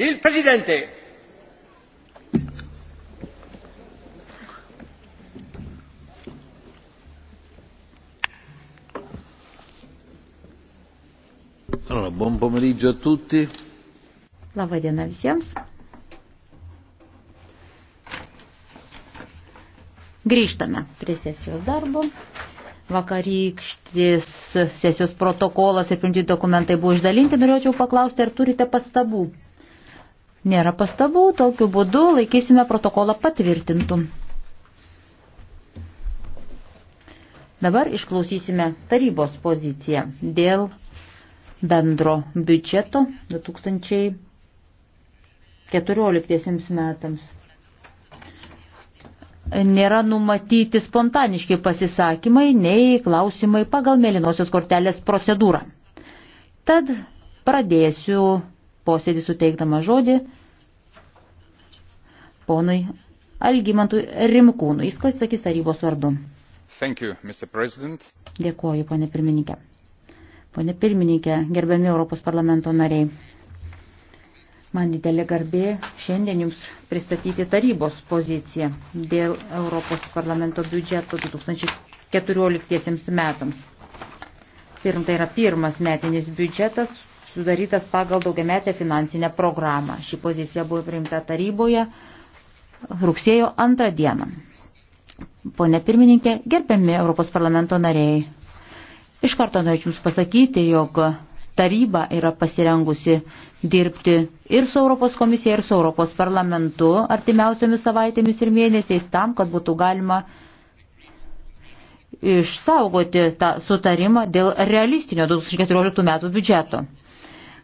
Il Presidente. Allora, buon pomeriggio a tutti. Labą dieną visiems. Grįžtame prie sesijos darbo. Vakarykštis sesijos protokolas ir printi dokumentai buvo išdalinti. Norėčiau paklausti, ar turite pastabų? Nėra pastabų, tokiu būdu laikysime protokolą patvirtintų. Dabar išklausysime tarybos poziciją dėl bendro biudžeto 2014 metams. Nėra numatyti spontaniški pasisakymai, nei klausimai pagal mėlynosios kortelės procedūrą. Tad pradėsiu posėdį suteikdama žodį ponui Algimantui Rimkūnui. Jis pasisakys tarybos vardu. Thank you, Dėkuoju, ponė pirmininkė. Pone pirmininkė, gerbiami Europos parlamento nariai. Man didelė garbė šiandien Jums pristatyti tarybos poziciją dėl Europos parlamento biudžeto 2014 metams. Pirm, tai yra pirmas metinis biudžetas sudarytas pagal daugiametę finansinę programą. Ši pozicija buvo priimta taryboje rugsėjo antrą dieną. Pone pirmininkė, gerbiami Europos parlamento nariai, iš karto norėčiau Jums pasakyti, jog taryba yra pasirengusi dirbti ir su Europos komisija, ir su Europos parlamentu artimiausiamis savaitėmis ir mėnesiais tam, kad būtų galima išsaugoti tą sutarimą dėl realistinio 2014 metų biudžeto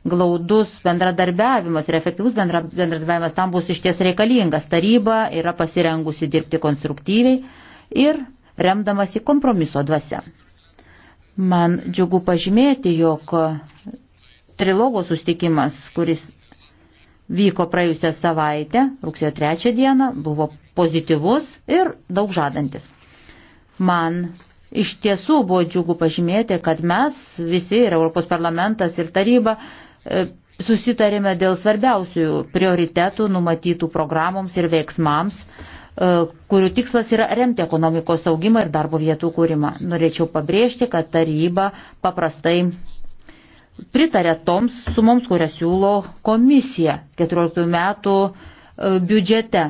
glaudus bendradarbiavimas ir efektyvus bendradarbiavimas tam bus iš ties reikalingas. Taryba yra pasirengusi dirbti konstruktyviai ir remdamasi kompromiso dvasia. Man džiugu pažymėti, jog trilogo sustikimas, kuris vyko praėjusią savaitę, rugsėjo trečią dieną, buvo pozityvus ir daug žadantis. Man iš tiesų buvo džiugu pažymėti, kad mes visi ir Europos parlamentas ir taryba E, susitarėme dėl svarbiausių prioritetų numatytų programoms ir veiksmams, e, kurių tikslas yra remti ekonomikos augimą ir darbo vietų kūrimą. Norėčiau pabrėžti, kad taryba paprastai pritarė toms sumoms, kurias siūlo komisija 14 metų e, biudžete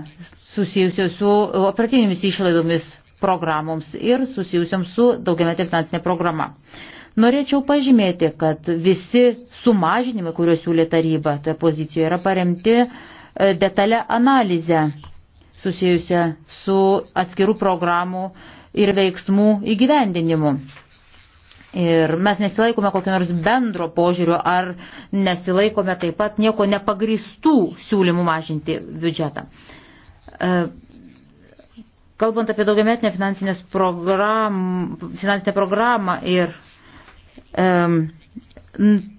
susijusios su operatinėmis išlaidomis programoms ir susijusiams su daugiametė finansinė programa. Norėčiau pažymėti, kad visi sumažinimai, kuriuos siūlė taryba toje pozicijoje, yra paremti e, detalę analizę susijusią su atskirų programų ir veiksmų įgyvendinimu. Ir mes nesilaikome kokio nors bendro požiūrio ar nesilaikome taip pat nieko nepagristų siūlymų mažinti biudžetą. E, kalbant apie daugiametinę finansinę programą ir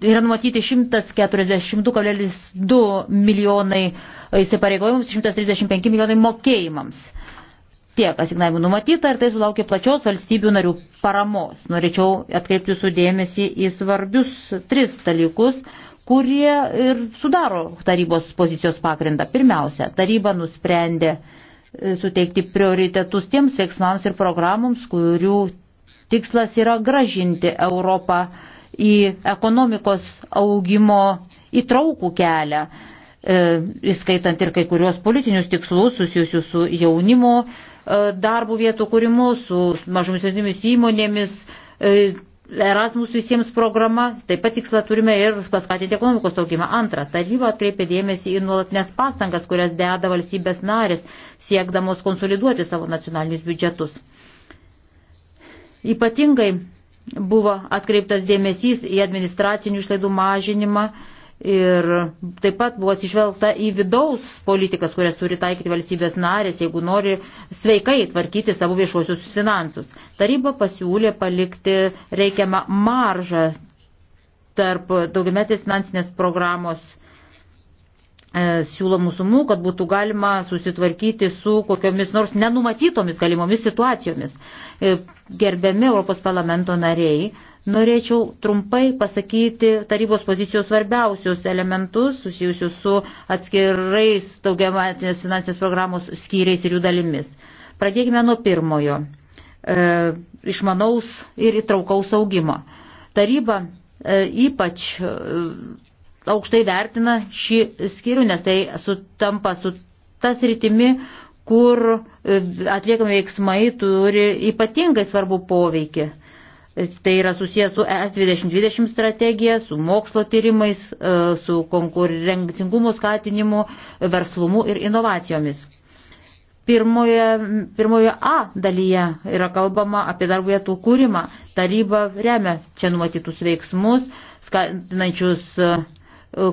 yra numatyti 142,2 milijonai įsipareigojimams, 135 milijonai mokėjimams. Tiek asignavimų numatyta ir tai sulaukė plačios valstybių narių paramos. Norėčiau atkreipti jūsų dėmesį į svarbius tris dalykus, kurie ir sudaro tarybos pozicijos pagrindą. Pirmiausia, taryba nusprendė e, suteikti prioritetus tiems veiksmams ir programoms, kurių Tikslas yra gražinti Europą į ekonomikos augimo įtraukų kelią, e, įskaitant ir kai kurios politinius tikslus susijusius su jaunimo e, darbų vietų kūrimu, su mažomis vidutinėmis įmonėmis, e, Erasmus visiems programa, taip pat tikslą turime ir paskatinti ekonomikos augimą. Antra, taryba atkreipė dėmesį į nuolatinės pastangas, kurias deda valstybės narės, siekdamos konsoliduoti savo nacionalinius biudžetus. Ypatingai buvo atkreiptas dėmesys į administracinių išlaidų mažinimą ir taip pat buvo atsižvelgta į vidaus politikas, kurias turi taikyti valstybės narės, jeigu nori sveikai tvarkyti savo viešuosius finansus. Taryba pasiūlė palikti reikiamą maržą tarp daugiametės finansinės programos E, siūlo mūsumų, kad būtų galima susitvarkyti su kokiomis nors nenumatytomis galimomis situacijomis. E, gerbiami Europos parlamento nariai, norėčiau trumpai pasakyti tarybos pozicijos svarbiausius elementus susijusius su atskirais daugiamatinės finansinės programos skyriais ir jų dalimis. Pradėkime nuo pirmojo e, išmanaus ir įtraukaus augimo. Taryba e, ypač e, aukštai vertina šį skyrių, nes tai sutampa su tas rytimi, kur e, atliekami veiksmai turi ypatingai svarbu poveikį. Tai yra susijęs su ES 2020 strategija, su mokslo tyrimais, e, su konkurencingumo skatinimu, verslumu ir inovacijomis. Pirmoje, pirmoje A dalyje yra kalbama apie darbo vietų kūrimą. Taryba remia čia numatytus veiksmus, skatinančius uh,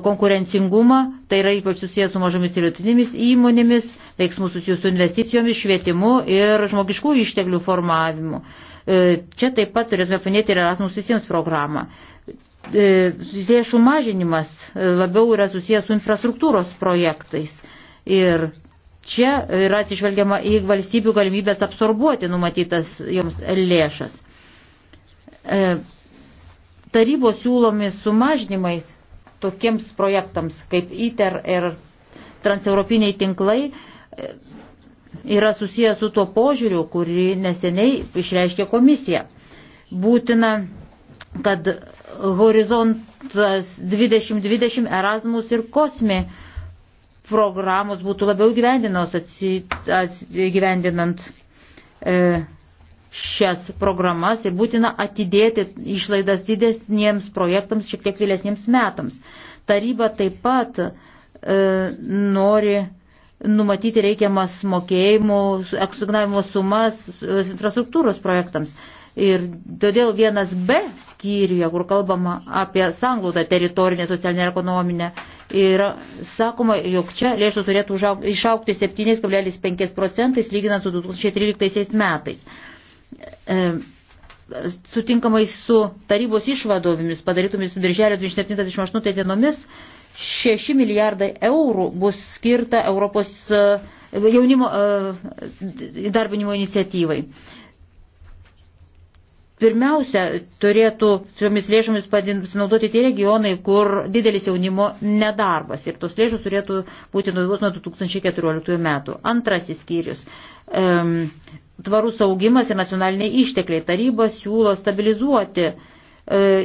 konkurencingumą, tai yra ypač susijęs su mažomis ir rytinėmis įmonėmis, veiksmų susijęs su investicijomis, švietimu ir žmogiškų išteklių formavimu. E, čia taip pat turėtume paminėti ir Erasmus visiems programą. E, lėšų mažinimas e, labiau yra susijęs su infrastruktūros projektais. Ir čia yra atsižvelgiama į valstybių galimybės absorbuoti numatytas joms lėšas. Tarybos siūlomis sumažinimais tokiems projektams kaip ITER ir transeuropiniai tinklai e, yra susijęs su tuo požiūriu, kurį neseniai išreiškė komisija. Būtina, kad horizontas 2020 Erasmus ir kosmė programos būtų labiau gyvendinos atsigyvendinant e, šias programas ir būtina atidėti išlaidas didesniems projektams šiek tiek vėlesniems metams. Taryba taip pat e, nori numatyti reikiamas mokėjimų, eksugnavimo sumas e, infrastruktūros projektams. Ir todėl vienas B skyriuje, kur kalbama apie sanglaudą teritorinę, socialinę ir ekonominę, yra sakoma, jog čia lėšų turėtų išaukti 7,5 procentais lyginant su 2013 metais. E, sutinkamai su tarybos išvadovimis padarytomis birželio 27-28 dienomis 6 milijardai eurų bus skirta Europos e, jaunimo e, įdarbinimo iniciatyvai. Pirmiausia, turėtų šiomis lėšomis pasinaudoti tie regionai, kur didelis jaunimo nedarbas ir tos lėšos turėtų būti naudos nuo 2014 metų. Antrasis skyrius. Um, tvarus augimas ir nacionaliniai ištekliai. Taryba siūlo stabilizuoti e,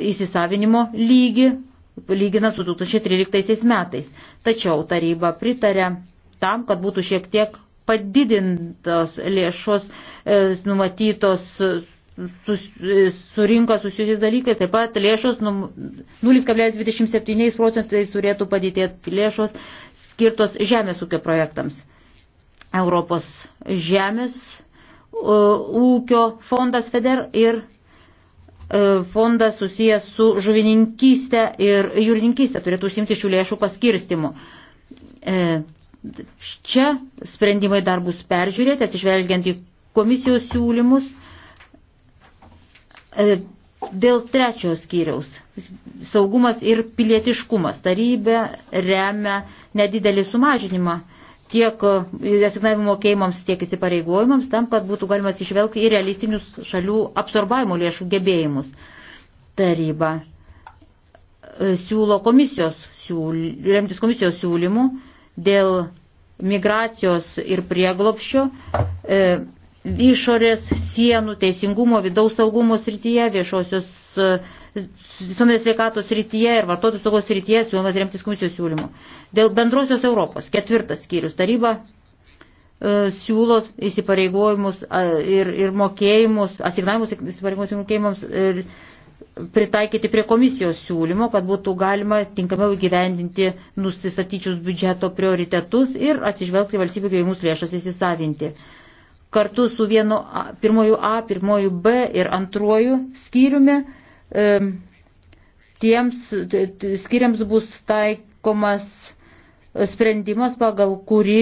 įsisavinimo lygį, lyginant su 2013 metais. Tačiau taryba pritarė tam, kad būtų šiek tiek padidintos lėšos e, numatytos. E, sus, surinko susijusiais dalykais, taip pat lėšos 0,27 procentais turėtų padidėti lėšos skirtos žemės ūkio projektams. Europos žemės ūkio fondas FEDER ir e, fondas susijęs su žuvininkystė ir jūrininkystė turėtų užsimti šių lėšų paskirstimu. E, čia sprendimai dar bus peržiūrėti, atsižvelgiant į komisijos siūlymus E, dėl trečios skyriaus - saugumas ir pilietiškumas. Tarybė remia nedidelį sumažinimą tiek asignavimo mokėjimams, tiek įsipareigojimams, tam, kad būtų galima atsižvelgti į realistinius šalių absorbavimo lėšų gebėjimus. Taryba e, siūlo komisijos, siūl, remtis komisijos siūlymų dėl migracijos ir prieglopščio. E, išorės sienų, teisingumo, vidaus saugumo srityje, viešosios e, visuomenės sveikatos srityje ir vartotojų saugos srityje siūlomas remtis komisijos siūlymu. Dėl bendrosios Europos, ketvirtas skyrius, taryba e, siūlo įsipareigojimus ir, ir mokėjimus, asignavimus įsipareigojimus ir mokėjimams ir pritaikyti prie komisijos siūlymo, kad būtų galima tinkamiau įgyvendinti nusistatyčius biudžeto prioritetus ir atsižvelgti valstybių gaimus lėšas įsisavinti kartu su vienu A, pirmoju A, pirmoju B ir antruoju skyriumi. E, tiems skiriams bus taikomas e, sprendimas, pagal kurį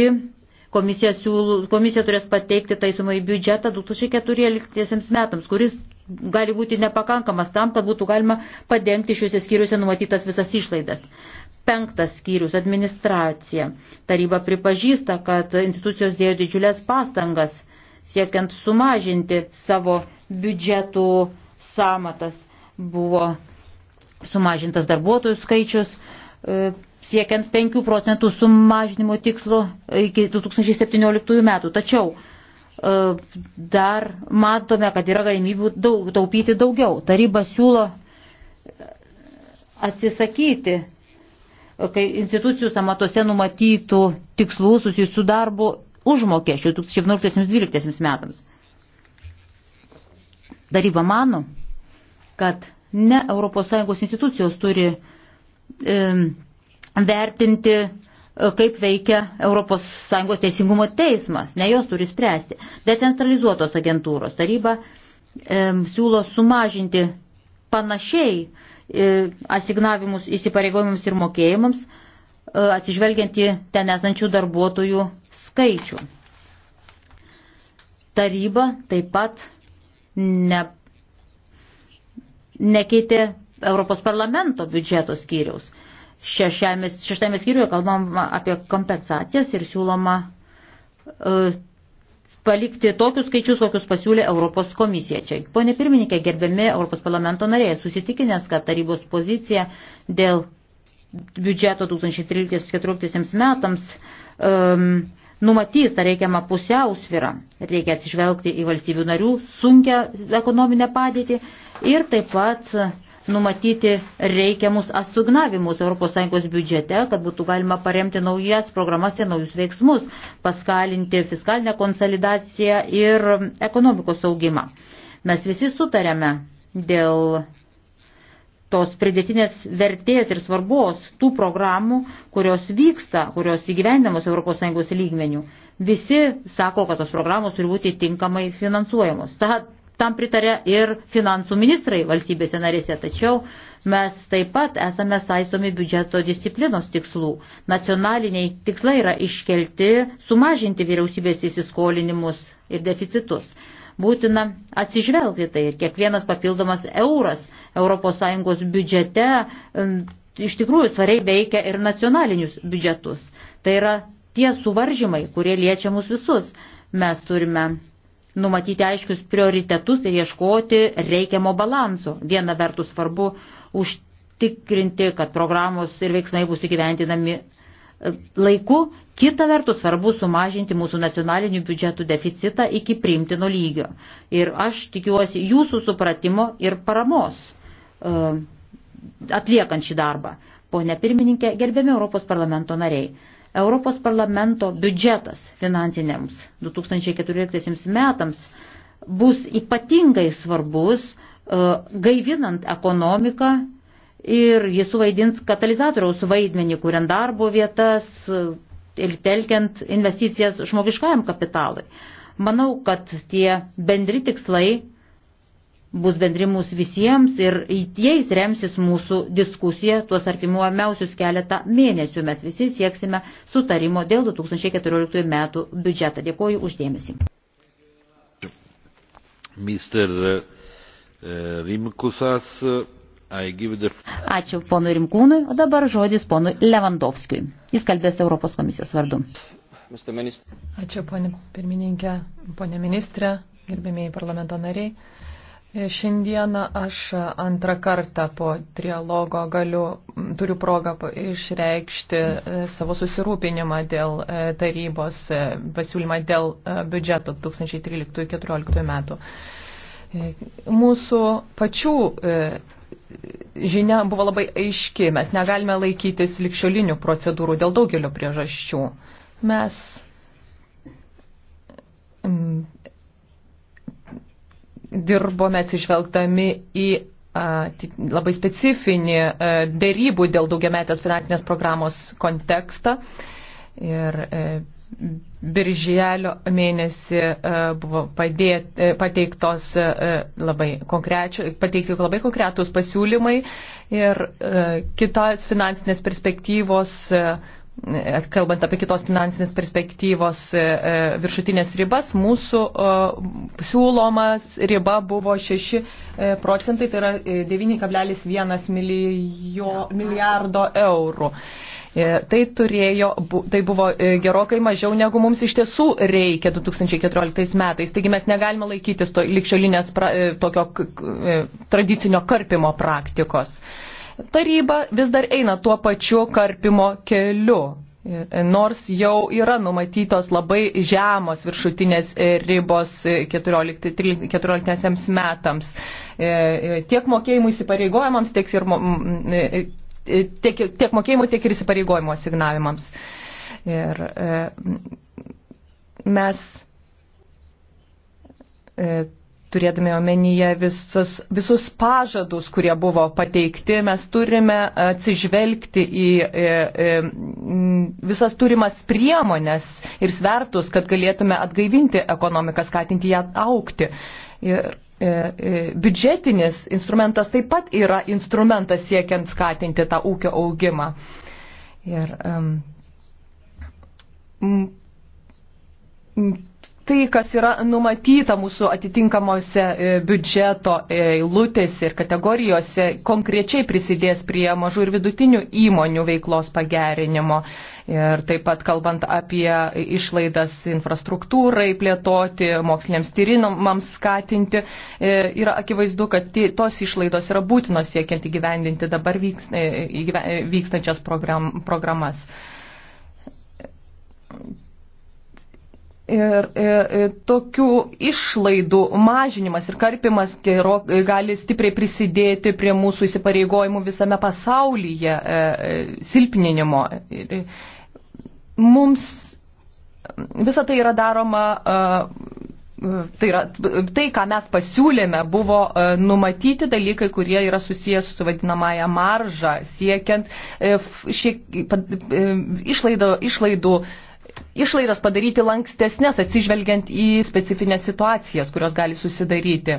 komisija, siūlų, komisija turės pateikti taisumą į biudžetą 2014 metams, kuris gali būti nepakankamas tam, kad būtų galima padengti šiuose skyriuose numatytas visas išlaidas. Penktas skyrius - administracija. Taryba pripažįsta, kad institucijos dėjo didžiulės pastangas siekiant sumažinti savo biudžetų samatas. Buvo sumažintas darbuotojų skaičius, e, siekiant 5 procentų sumažinimo tikslo iki 2017 metų. Tačiau e, dar matome, kad yra galimybių daug, taupyti daugiau. Taryba siūlo atsisakyti e, kai institucijų samatuose numatytų tikslų susijusių su darbu užmokesčių 2011-2012 metams. Daryba mano, kad ne ES institucijos turi e, vertinti, kaip veikia ES teisingumo teismas, ne jos turi spręsti. Decentralizuotos agentūros taryba e, siūlo sumažinti panašiai e, asignavimus įsipareigojimams ir mokėjimams, e, atsižvelgiant į ten esančių darbuotojų skaičių. Taryba taip pat ne, nekeitė Europos parlamento biudžeto skyriaus. Šešiame, šeštame skyriuje kalbama apie kompensacijas ir siūloma uh, palikti tokius skaičius, kokius pasiūlė Europos komisija. Čia, ponė pirmininkė, gerbiami Europos parlamento nariai, susitikinęs, kad tarybos pozicija dėl biudžeto 2013-2014 metams um, numatys tą reikiamą pusiausvyrą. Reikia atsižvelgti į valstybių narių sunkę ekonominę padėtį ir taip pat numatyti reikiamus asignavimus ES biudžete, kad būtų galima paremti naujas programas ir naujus veiksmus, paskalinti fiskalinę konsolidaciją ir ekonomikos augimą. Mes visi sutarėme dėl tos pridėtinės vertės ir svarbos tų programų, kurios vyksta, kurios įgyvendamos ES lygmenių. Visi sako, kad tos programos turi būti tinkamai finansuojamos. Ta, tam pritarė ir finansų ministrai valstybėse narėse, tačiau mes taip pat esame saistomi biudžeto disciplinos tikslų. Nacionaliniai tikslai yra iškelti sumažinti vyriausybės įsiskolinimus ir deficitus. Būtina atsižvelgti tai ir kiekvienas papildomas euras ES biudžete iš tikrųjų svariai veikia ir nacionalinius biudžetus. Tai yra tie suvaržymai, kurie liečia mus visus. Mes turime numatyti aiškius prioritetus ir ieškoti reikiamo balanso. Viena vertus svarbu užtikrinti, kad programos ir veiksmai bus įgyventinami laiku, kita vertus svarbu sumažinti mūsų nacionalinių biudžetų deficitą iki priimtino lygio. Ir aš tikiuosi jūsų supratimo ir paramos e, atliekant šį darbą. Pone pirmininkė, gerbiami Europos parlamento nariai. Europos parlamento biudžetas finansiniams 2014 metams bus ypatingai svarbus e, gaivinant ekonomiką ir jis suvaidins katalizatoriaus vaidmenį, kuriant darbo vietas ir telkiant investicijas žmogiškajam kapitalui. Manau, kad tie bendri tikslai bus bendri mūsų visiems ir jais remsis mūsų diskusija tuos artimuomiausius keletą mėnesių. Mes visi sieksime sutarimo dėl 2014 metų biudžetą. Dėkuoju uždėmesi. Mr. Eh, Rimkusas The... Ačiū ponui Rimkūnui, o dabar žodis ponui Levandovskijui. Jis kalbės Europos komisijos vardu. Ačiū ponė pirmininkė, ponė ministrė, gerbėmėjai parlamento nariai. Šiandieną aš antrą kartą po trialogo galiu, turiu progą išreikšti e, savo susirūpinimą dėl e, tarybos e, pasiūlymą dėl biudžeto 2013-2014 metų. Mūsų pačių žinia buvo labai aiški. Mes negalime laikytis likščiolinių procedūrų dėl daugelio priežasčių. Mes mm, dirbome atsižvelgdami į labai specifinį dėrybų dėl daugiametės finansinės programos kontekstą. Ir e, Birželio mėnesį e, buvo padėt, e, pateiktos e, labai, pateikti labai konkretus pasiūlymai ir kitos finansinės perspektyvos, kalbant apie kitos finansinės perspektyvos viršutinės ribas, mūsų siūlomas riba buvo 6 procentai, tai yra 9,1 milijardo eurų. E, tai, turėjo, tai buvo e, gerokai mažiau negu mums iš tiesų reikia 2014 metais. Taigi mes negalime laikytis to likščiolinės pra, e, tokio tradicinio karpimo praktikos. Taryba vis dar eina tuo pačiu karpimo keliu. Nors jau yra numatytos labai žemos viršutinės ribos 14, 14 metams. Tiek mokėjimų įsipareigojimams, tiek ir tiek, tiek mokėjimų, tiek ir įsipareigojimų asignavimams. Ir e, mes e, turėdami omenyje visus, visus pažadus, kurie buvo pateikti, mes turime atsižvelgti į, į, e, į e, visas turimas priemonės ir svertus, kad galėtume atgaivinti ekonomiką, skatinti ją aukti. Ir E, e, biudžetinis instrumentas taip pat yra instrumentas siekiant skatinti tą ūkio augimą. Ir um, tai, kas yra numatyta mūsų atitinkamuose e, biudžeto eilutėse ir kategorijose, konkrečiai prisidės prie mažų ir vidutinių įmonių veiklos pagerinimo. Uh, Ir taip pat kalbant apie išlaidas infrastruktūrai plėtoti, moksliniams tyrimams skatinti, e, yra akivaizdu, kad tos išlaidos yra būtinos siekiant įgyvendinti dabar e, vykstančias program, programas. Ir e, e, tokių išlaidų mažinimas ir karpimas gero, gali stipriai prisidėti prie mūsų įsipareigojimų visame pasaulyje e, silpninimo. Ir, mums visą tai yra daroma, e, tai, yra, tai, ką mes pasiūlėme, buvo e, numatyti dalykai, kurie yra susijęs su vadinamąją maržą, siekiant e, šiek, išlaido, išlaidų. Išlaidas padaryti lankstesnės, atsižvelgiant į specifines situacijas, kurios gali susidaryti.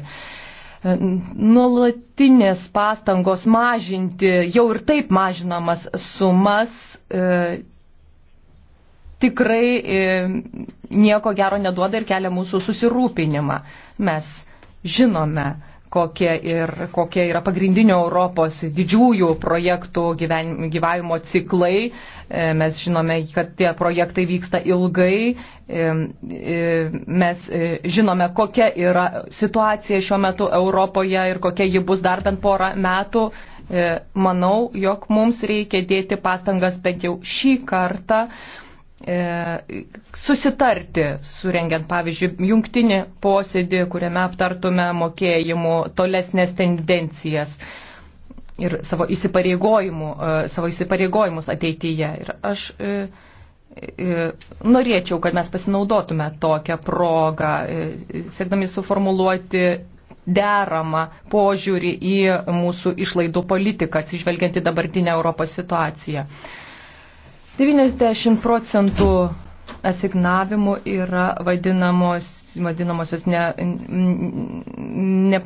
Nuolatinės pastangos mažinti jau ir taip mažinamas sumas tikrai e, nieko gero neduoda ir kelia mūsų susirūpinimą. Mes žinome, kokie, ir, kokie yra pagrindinio Europos didžiųjų projektų gyven, gyvavimo ciklai. E, mes žinome, kad tie projektai vyksta ilgai. E, mes žinome, kokia yra situacija šiuo metu Europoje ir kokia ji bus dar bent porą metų. Manau, jog mums reikia dėti pastangas bent jau šį kartą E, susitarti, surengiant, pavyzdžiui, jungtinį posėdį, kuriame aptartume mokėjimų tolesnės tendencijas ir savo, įsipareigojimų, e, savo įsipareigojimus ateityje. Ir aš e, norėčiau, kad mes pasinaudotume tokią progą, siekdami suformuluoti deramą požiūrį į mūsų išlaidų politiką, atsižvelgiant į dabartinę Europos situaciją. 90 procentų asignavimų yra vadinamos, vadinamosios ne, ne,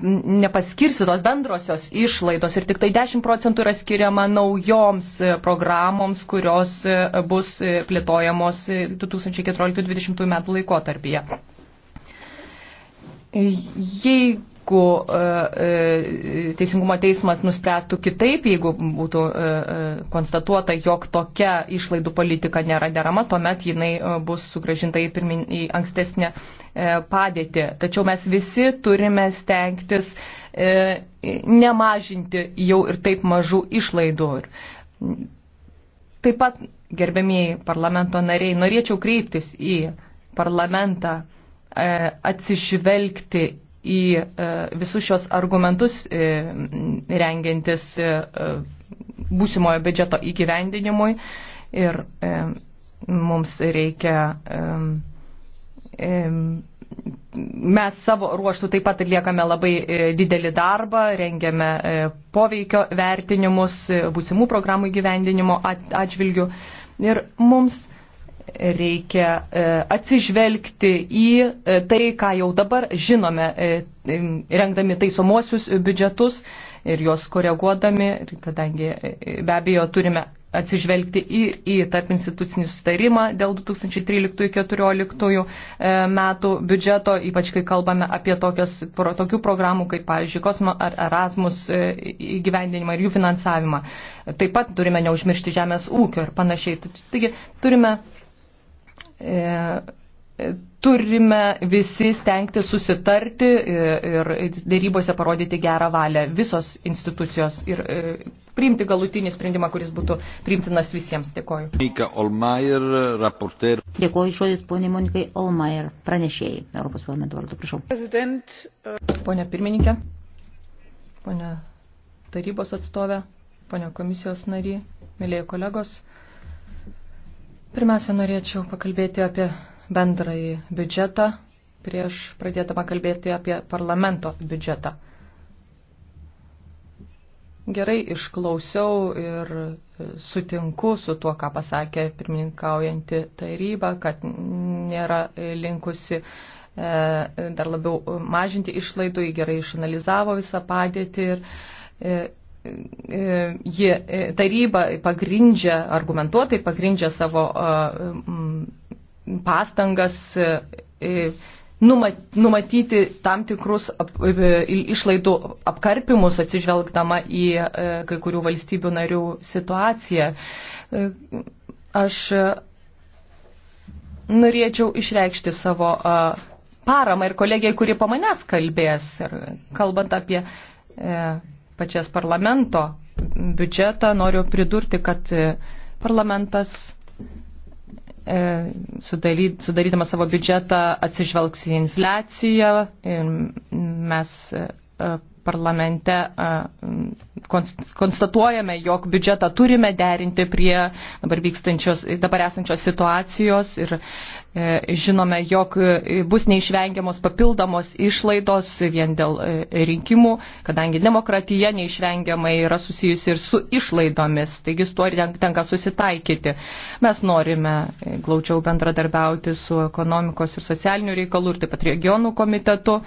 nepaskirsitos bendrosios išlaidos ir tik tai 10 procentų yra skiriama naujoms programoms, kurios bus plėtojamos 2014-2020 metų laikotarpyje. Jei aišku, e, e, Teisingumo teismas nuspręstų kitaip, jeigu būtų e, konstatuota, jog tokia išlaidų politika nėra derama, tuomet jinai bus sugražinta į, pirmin, į ankstesnę padėtį. Tačiau mes visi turime stengtis nemažinti jau ir taip mažų išlaidų. Taip pat, gerbėmiai parlamento nariai, norėčiau kreiptis į parlamentą atsižvelgti į e, visus šios argumentus e, rengiantis e, būsimojo biudžeto įgyvendinimui ir mums reikia mes savo ruoštų taip pat atliekame labai didelį darbą, rengiame poveikio vertinimus būsimų programų įgyvendinimo atžvilgių ir mums reikia e, atsižvelgti į e, tai, ką jau dabar žinome, e, rengdami taisomuosius biudžetus ir juos koreguodami, kadangi be abejo turime atsižvelgti ir į tarp institucinį sustarimą dėl 2013-2014 metų biudžeto, ypač kai kalbame apie tokios, tokių programų kaip, pavyzdžiui, Kosmo ar Erasmus įgyvendinimą ir jų finansavimą. Taip pat turime neužmiršti žemės ūkio ir panašiai. Taigi turime E, turime visi stengti susitarti e, ir dėrybose parodyti gerą valią visos institucijos ir e, priimti galutinį sprendimą, kuris būtų priimtinas visiems. Dėkoju. Monika Olmaier, raporter. Dėkoju žodis ponė Monikai Olmaier, pranešėjai Europos parlamento vardu, prašau. President, uh... Pone pirmininkė, pone tarybos atstovė, pone komisijos nary, mėlėjai kolegos. Uh, Pirmiausia, norėčiau pakalbėti apie bendrąjį biudžetą prieš pradėdama kalbėti apie parlamento biudžetą. Gerai išklausiau ir sutinku su tuo, ką pasakė pirmininkaujanti taryba, kad nėra linkusi e, dar labiau mažinti išlaidų, gerai išanalizavo visą padėtį ir e, ji e, taryba pagrindžia, argumentuotai pagrindžia savo e, pastangas e, numatyti tam tikrus ap, išlaidų apkarpimus atsižvelgdama į kai kurių valstybių narių situaciją. Aš norėčiau išreikšti savo paramą ir kolegiai, kuri po manęs kalbės, kalbant apie pačias parlamento biudžetą, noriu pridurti, kad e, parlamentas e, sudarydamas savo biudžetą atsižvelgs į infliaciją. Mes e, parlamente konstatuojame, jog biudžetą turime derinti prie dabar, dabar esančios situacijos ir e, žinome, jog e, bus neišvengiamos papildomos išlaidos vien dėl e, rinkimų, kadangi demokratija neišvengiamai yra susijusi ir su išlaidomis, taigi su tuo tenka susitaikyti. Mes norime glaučiau bendradarbiauti su ekonomikos ir socialinių reikalų ir taip pat regionų komitetu.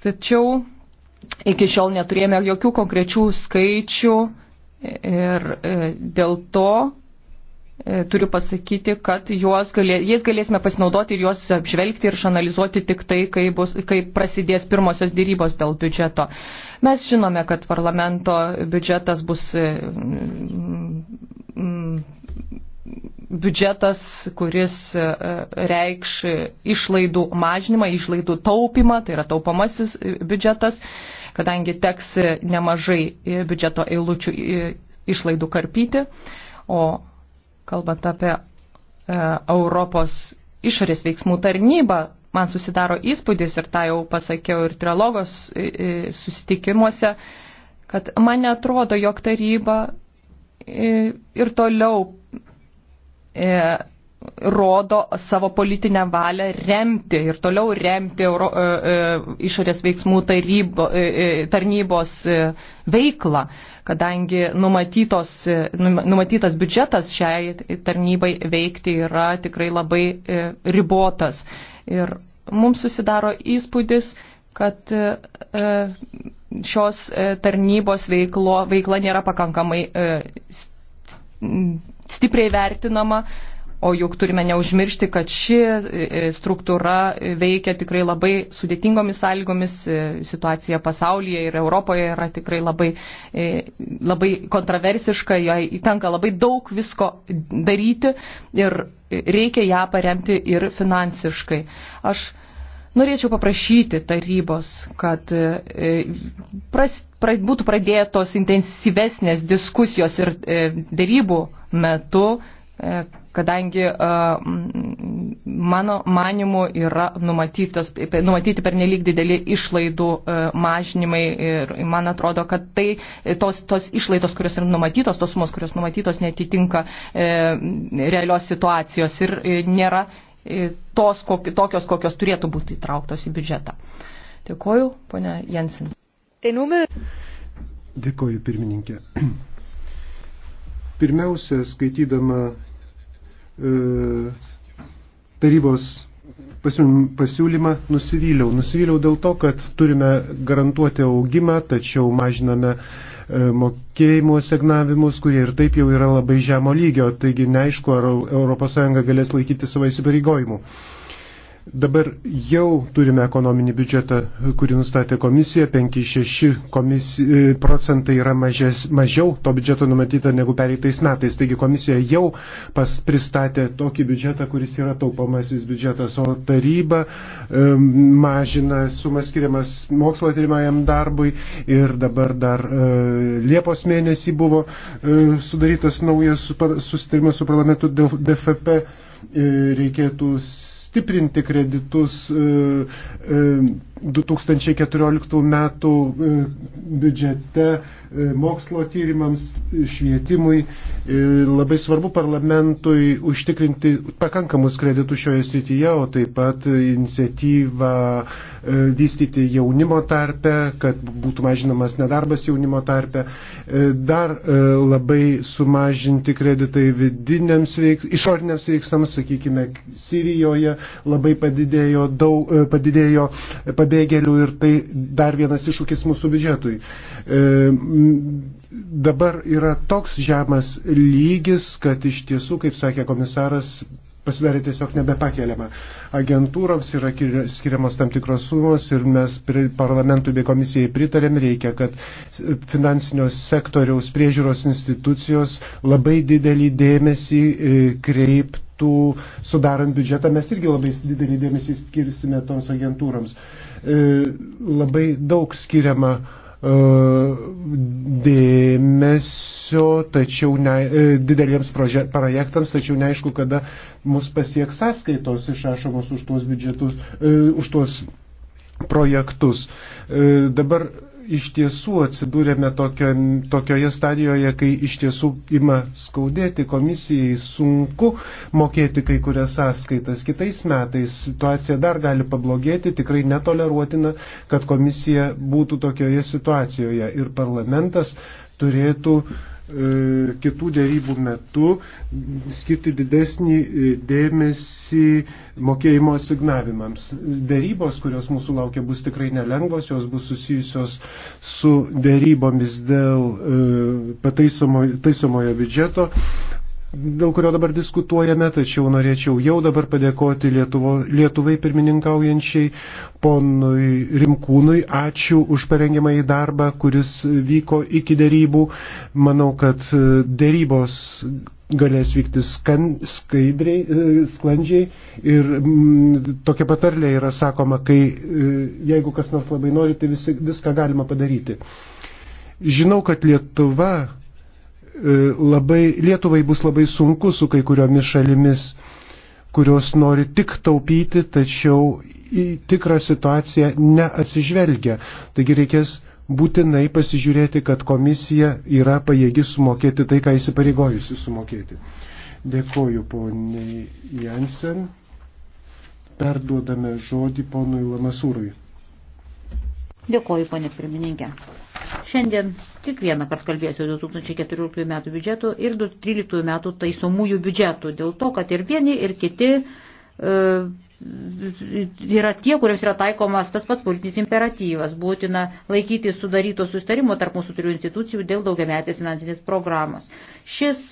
Tačiau iki šiol neturėjome jokių konkrečių skaičių ir e, dėl to e, turiu pasakyti, kad galė, jais galėsime pasinaudoti ir juos apžvelgti ir išanalizuoti tik tai, kai, bus, kai prasidės pirmosios dėrybos dėl biudžeto. Mes žinome, kad parlamento biudžetas bus. Mm, biudžetas, kuris e, reikš išlaidų mažinimą, išlaidų taupimą, tai yra taupamasis e, biudžetas, kadangi teks nemažai e, biudžeto eilučių išlaidų karpyti. O kalbant apie Europos išorės veiksmų tarnybą, man susidaro įspūdis ir tą jau pasakiau ir trilogos susitikimuose, kad man netrodo, jog taryba ir toliau E, rodo savo politinę valią remti ir toliau remti Euro, e, e, išorės veiksmų tarybo, e, e tarnybos e, veiklą, kadangi numatytos, e, numatytas biudžetas šiai tarnybai veikti yra tikrai labai e, ribotas. Ir mums susidaro įspūdis, kad e, šios tarnybos veiklo, veikla nėra pakankamai e, stipriai vertinama, o juk turime neužmiršti, kad ši e, e, struktūra veikia tikrai labai sudėtingomis sąlygomis, e, situacija pasaulyje ir Europoje yra tikrai labai, labai kontraversiška, jai įtenka labai daug visko daryti ir reikia ją paremti ir finansiškai. Aš Norėčiau paprašyti tarybos, kad e, pras, pra, būtų pradėtos intensyvesnės diskusijos ir e, dėrybų metu, e, kadangi e, mano manimu yra numatyti per nelik dideli išlaidų e, mažinimai ir man atrodo, kad tai, e, tos, tos išlaidos, kurios yra numatytos, tos sumos, kurios numatytos, netitinka e, realios situacijos ir e, nėra tos, kok, tokios, kokios turėtų būti įtrauktos į biudžetą. Dėkoju, ponia Jensen. Tai Dėkoju, pirmininkė. Pirmiausia, skaitydama e, tarybos pasiūlymą nusivyliau. Nusivyliau dėl to, kad turime garantuoti augimą, tačiau mažiname E, mokėjimų signavimus, kurie ir taip jau yra labai žemo lygio, taigi neaišku, ar ES galės laikyti savo įsipareigojimų. Dabar jau turime ekonominį biudžetą, kurį nustatė komisija, 5-6 komisi... E, procentai yra mažes, mažiau to biudžeto numatyta negu pereitais metais. Taigi komisija jau pas, pristatė tokį biudžetą, kuris yra taupomasis biudžetas, o taryba um, mažina sumas skiriamas mokslo tyrimajam darbui ir dabar dar uh, Liepos mėnesį buvo uh, sudarytas naujas susitarimas su parlamentu dėl DFP. Uh, reikėtų stiprinti kreditus 2014 e, e, metų e, biudžete mokslo tyrimams, švietimui. Labai svarbu parlamentui užtikrinti pakankamus kreditus šioje srityje, o taip pat iniciatyvą E, vystyti jaunimo tarpe, kad būtų mažinamas nedarbas jaunimo tarpe, e, dar e, labai sumažinti kreditai vidiniams veiks, išoriniams veiksams, sakykime, Sirijoje labai padidėjo, daug, padidėjo pabėgėlių ir tai dar vienas iššūkis mūsų biudžetui. Dabar yra toks žemas lygis, kad iš tiesų, kaip sakė komisaras, pasidarė tiesiog nebepakeliama. Agentūroms yra skiriamos tam tikros sumos ir mes parlamentui bei komisijai pritarėm, reikia, kad finansinio sektoriaus priežiūros institucijos labai didelį dėmesį e, kreiptų, sudarant biudžetą, mes irgi labai didelį dėmesį skirsime toms agentūroms. E, labai daug skiriama E, dėmesio tačiau ne, e, dideliems projektams, tačiau neaišku, kada mus pasieks sąskaitos išrašomos už tuos biudžetus, e, už tuos projektus. Dabar iš tiesų atsidūrėme tokio, tokioje stadijoje, kai iš tiesų ima skaudėti komisijai, sunku mokėti kai kurias sąskaitas. Kitais metais situacija dar gali pablogėti, tikrai netoleruotina, kad komisija būtų tokioje situacijoje ir parlamentas turėtų uh, E, kitų dėrybų metu skirti didesnį e, dėmesį mokėjimo asignavimams. Dėrybos, kurios mūsų laukia, bus tikrai nelengvos, jos bus susijusios su dėrybomis dėl e, pataisomojo biudžeto, dėl kurio dabar diskutuojame, tačiau norėčiau jau dabar padėkoti Lietuvo, Lietuvai pirmininkaujančiai ponui Rimkūnui. Ačiū už parengimą į darbą, kuris vyko iki dėrybų. Manau, kad e, dėrybos galės vykti skan, skaidriai, e, sklandžiai ir m, mm, tokia patarlė yra sakoma, kai e, jeigu kas nors labai nori, tai visi, viską galima padaryti. Žinau, kad Lietuva E, labai, Lietuvai bus labai sunku su kai kuriomis šalimis, kurios nori tik taupyti, tačiau į tikrą situaciją neatsižvelgia. Taigi reikės būtinai pasižiūrėti, kad komisija yra pajėgi sumokėti tai, ką įsipareigojusi sumokėti. Dėkoju poniai Jansen. Perduodame žodį ponui Lamasūrui. Dėkoju, ponė pirmininkė. Šiandien tik vieną kartą kalbėsiu 2014 metų biudžetų ir 2013 metų taisomųjų biudžetų, dėl to, kad ir vieni, ir kiti e, yra tie, kuriems yra taikomas tas pats politinis imperatyvas, būtina laikyti sudaryto sustarimo tarp mūsų trijų institucijų dėl daugiametės finansinės programos. Šis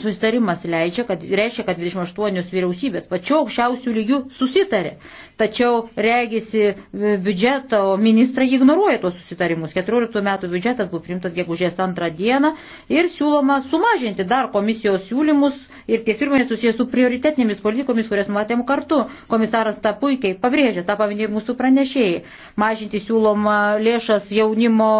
Susitarimas leidžia, kad, reiškia, kad 28 vyriausybės pačiu aukščiausių lygių susitarė. Tačiau regisi biudžeto ministrai ignoruoja tuos susitarimus. 14 metų biudžetas buvo priimtas gegužės antrą dieną ir siūloma sumažinti dar komisijos siūlymus ir tie siūlymai susijęs su prioritetinėmis politikomis, kurias matėm kartu. Komisaras tą puikiai pabrėžė, tą paminėjo mūsų pranešėjai. Mažinti siūloma lėšas jaunimo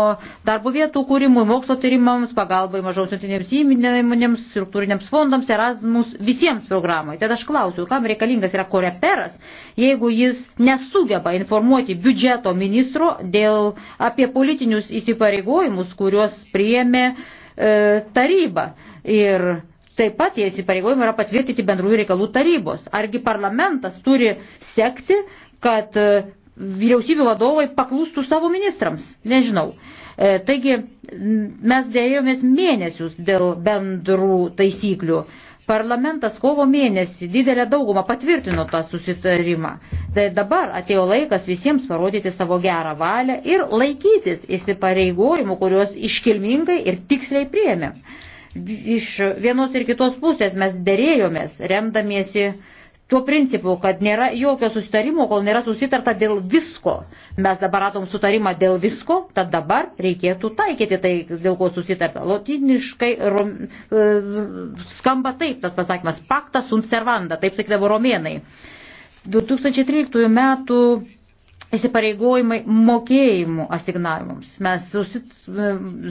darbo vietų kūrimui, mokslo tyrimams, pagalbai mažiausiantinėms įmonėms, struktūrai struktūriniams fondams, Erasmus visiems programai. Tad aš klausiu, kam reikalingas yra koreperas, jeigu jis nesugeba informuoti biudžeto ministro dėl apie politinius įsipareigojimus, kuriuos priėmė e, taryba. Ir taip pat tie įsipareigojimai yra patvirtinti bendrųjų reikalų tarybos. Argi parlamentas turi sekti, kad e, vyriausybių vadovai paklūstų savo ministrams. Nežinau. E, taigi mes dėjomės mėnesius dėl bendrų taisyklių. Parlamentas kovo mėnesį didelę daugumą patvirtino tą susitarimą. Tai dabar atėjo laikas visiems parodyti savo gerą valią ir laikytis įsipareigojimų, kuriuos iškilmingai ir tiksliai priemėm. Iš vienos ir kitos pusės mes dėrėjomės, remdamiesi uh, tuo principu, kad nėra jokio susitarimo, kol nėra susitarta dėl visko. Mes dabar atom sutarimą dėl visko, tad dabar reikėtų taikyti tai, dėl ko susitarta. Lotiniškai rom, e, skamba taip tas pasakymas, paktas sunt servanda, taip sakydavo romėnai. 2013 metų įsipareigojimai mokėjimų asignavimams. Mes susit, e,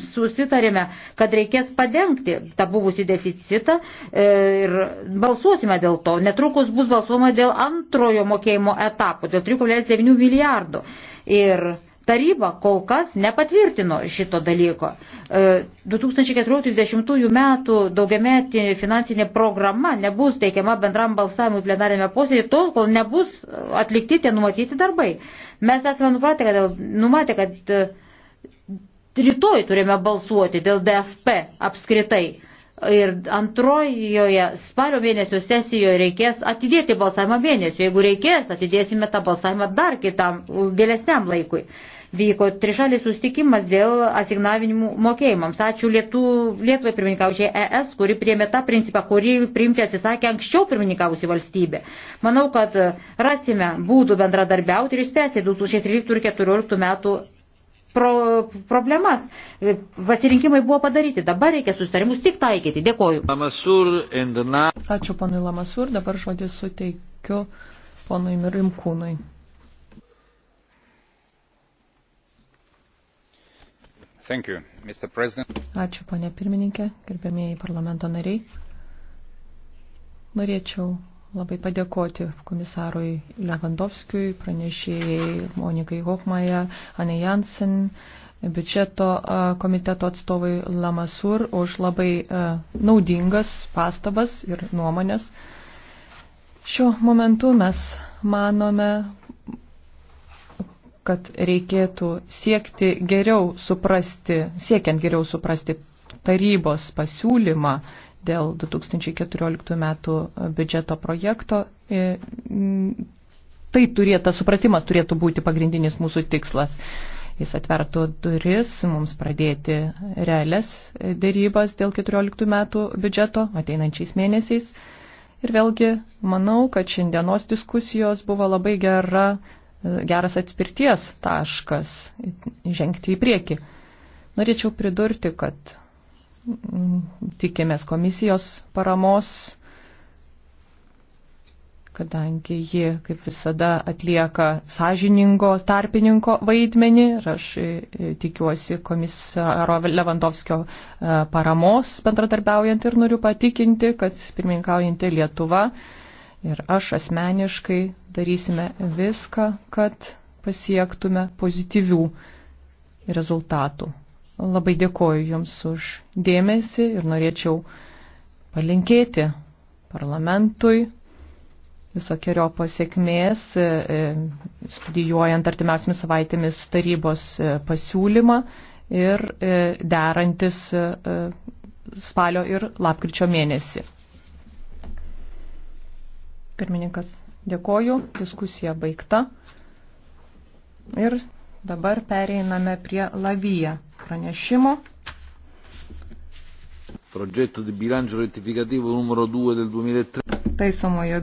susitarėme, kad reikės padengti tą buvusi deficitą e, ir balsuosime dėl to. Netrukus bus balsuoma dėl antrojo mokėjimo etapo, dėl 3,9 milijardo. Ir Taryba kol kas nepatvirtino šito dalyko. 2014-2020 e, metų daugiametė finansinė programa nebus teikiama bendram balsavimui plenarėme posėdėje, tol kol nebus atlikti tie numatyti darbai. Mes esame numatę, kad, numatę, kad e, rytoj turime balsuoti dėl DFP apskritai. Ir antrojoje spalio mėnesio sesijoje reikės atidėti balsavimą mėnesio. Jeigu reikės, atidėsime tą balsavimą dar kitam vėlesniam laikui vyko trišalis sustikimas dėl asignavimų mokėjimams. Ačiū Lietu, Lietuvai pirmininkaučiai ES, kuri priėmė tą principą, kurį priimti atsisakė anksčiau pirmininkavusi valstybė. Manau, kad rasime būdų bendradarbiauti ir išspręsti 2013 ir 2014 metų pro, problemas. Pasirinkimai buvo padaryti, dabar reikia sustarimus tik taikyti. Dėkoju. Ačiū panui Lamasur, dabar žodį suteikiu ponui Rimkūnui. You, Ačiū, ponė pirmininkė, gerbėmėjai parlamento nariai. Norėčiau labai padėkoti komisarui Levandovskijui, pranešėjai Monikai Hochmaja, Anne Jansen, biudžeto komiteto atstovui Lamasur už labai naudingas pastabas ir nuomonės. Šiuo momentu mes manome, kad reikėtų siekti geriau suprasti, siekiant geriau suprasti tarybos pasiūlymą dėl 2014 metų biudžeto projekto. E, tai turėtų, tas supratimas turėtų būti pagrindinis mūsų tikslas. Jis atvertų duris mums pradėti realias dėrybas dėl 2014 metų biudžeto ateinančiais mėnesiais. Ir vėlgi, manau, kad šiandienos diskusijos buvo labai gera geras atspirties taškas žengti į priekį. Norėčiau pridurti, kad mm, tikėmės komisijos paramos, kadangi ji, kaip visada, atlieka sąžiningo tarpininko vaidmenį ir aš e, e, tikiuosi komisaro Levandovskio e, paramos bendradarbiaujant ir noriu patikinti, kad pirmininkaujantį Lietuvą ir aš asmeniškai darysime viską, kad pasiektume pozityvių rezultatų. Labai dėkoju Jums už dėmesį ir norėčiau palinkėti parlamentui visokiojo pasiekmės, e, e, studijuojant artimiausiamis savaitėmis tarybos e, pasiūlymą ir derantis spalio ir lapkričio mėnesį. Pirmininkas, dėkoju, diskusija baigta. Ir dabar pereiname prie Lavija pranešimo. Progetto di bilancio rettificativo numero 2 del 2003. Taisomojo